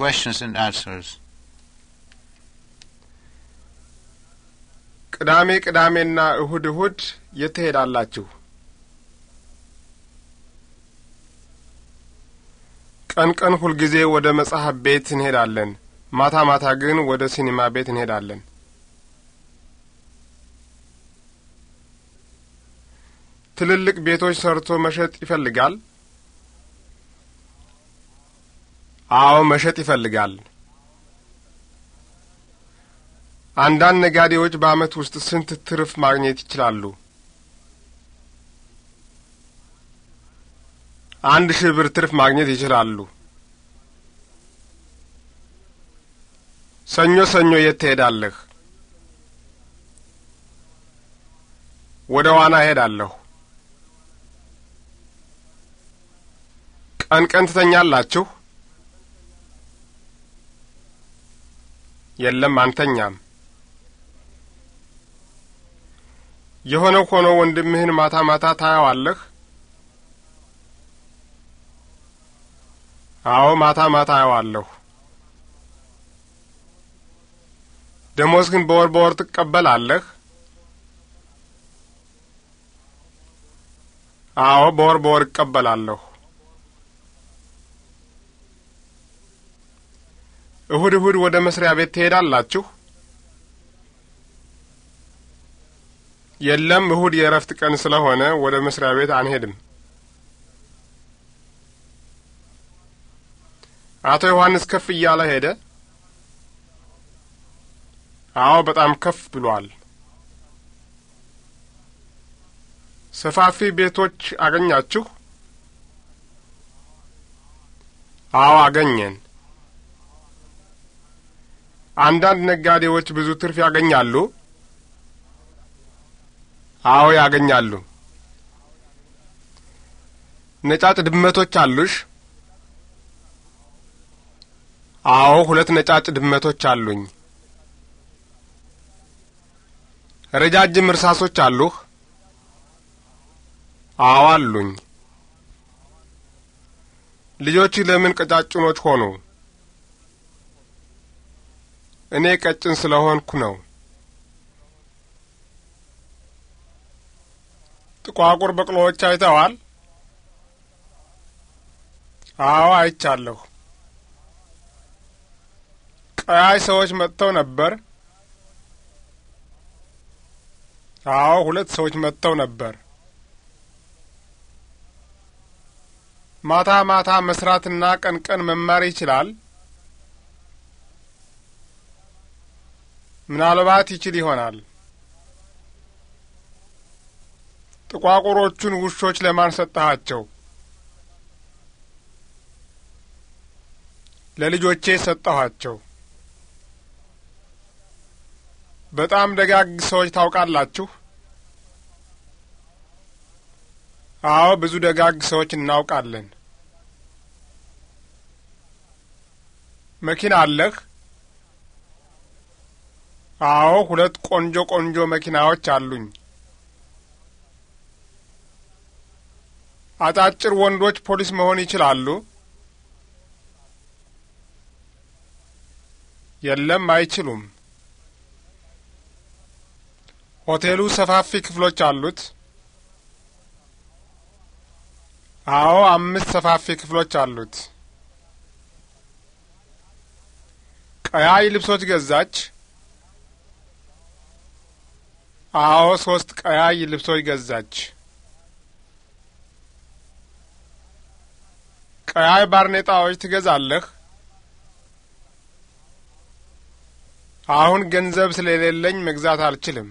questions and answers. ቅዳሜ ቅዳሜና እሁድ እሁድ የት ትሄዳላችሁ? ቀን ቀን ሁልጊዜ ወደ መጽሐፍ ቤት እንሄዳለን። ማታ ማታ ግን ወደ ሲኒማ ቤት እንሄዳለን። ትልልቅ ቤቶች ሰርቶ መሸጥ ይፈልጋል? አዎ መሸጥ ይፈልጋል። አንዳንድ ነጋዴዎች በዓመት ውስጥ ስንት ትርፍ ማግኘት ይችላሉ? አንድ ሺህ ብር ትርፍ ማግኘት ይችላሉ። ሰኞ ሰኞ የት ትሄዳለህ? ወደ ዋና እሄዳለሁ። ቀን ቀን ትተኛላችሁ? የለም አንተኛም። የሆነው ሆኖ ወንድምህን ማታ ማታ ታየዋለህ? አዎ ማታ ማታ አየዋለሁ። ግን በወር በወር ትቀበላለህ? አዎ በወር በወር እቀበላለሁ። እሁድ እሁድ ወደ መስሪያ ቤት ትሄዳላችሁ? የለም፣ እሁድ የእረፍት ቀን ስለሆነ ወደ መስሪያ ቤት አንሄድም። አቶ ዮሐንስ ከፍ እያለ ሄደ? አዎ፣ በጣም ከፍ ብሏል። ሰፋፊ ቤቶች አገኛችሁ? አዎ፣ አገኘን። አንዳንድ ነጋዴዎች ብዙ ትርፍ ያገኛሉ? አዎ ያገኛሉ። ነጫጭ ድመቶች አሉሽ? አዎ ሁለት ነጫጭ ድመቶች አሉኝ። ረጃጅም እርሳሶች አሉህ? አዎ አሉኝ። ልጆችህ ለምን ቀጫጭኖች ሆኑ? እኔ ቀጭን ስለ ሆንኩ ነው። ጥቋቁር በቅሎዎች አይተዋል? አዎ አይቻለሁ። ቀያይ ሰዎች መጥተው ነበር? አዎ ሁለት ሰዎች መጥተው ነበር። ማታ ማታ መስራትና ቀን ቀን መማር ይችላል? ምናልባት ይችል ይሆናል። ጥቋቁሮቹን ውሾች ለማን ሰጠሃቸው? ለልጆቼ ሰጠኋቸው። በጣም ደጋግ ሰዎች ታውቃላችሁ? አዎ፣ ብዙ ደጋግ ሰዎች እናውቃለን። መኪና አለህ? አዎ፣ ሁለት ቆንጆ ቆንጆ መኪናዎች አሉኝ። አጫጭር ወንዶች ፖሊስ መሆን ይችላሉ? የለም፣ አይችሉም። ሆቴሉ ሰፋፊ ክፍሎች አሉት? አዎ፣ አምስት ሰፋፊ ክፍሎች አሉት። ቀያይ ልብሶች ገዛች? አዎ ሶስት ቀያይ ልብሶች ገዛች። ቀያይ ባርኔጣዎች ትገዛለህ? አሁን ገንዘብ ስለሌለኝ መግዛት አልችልም።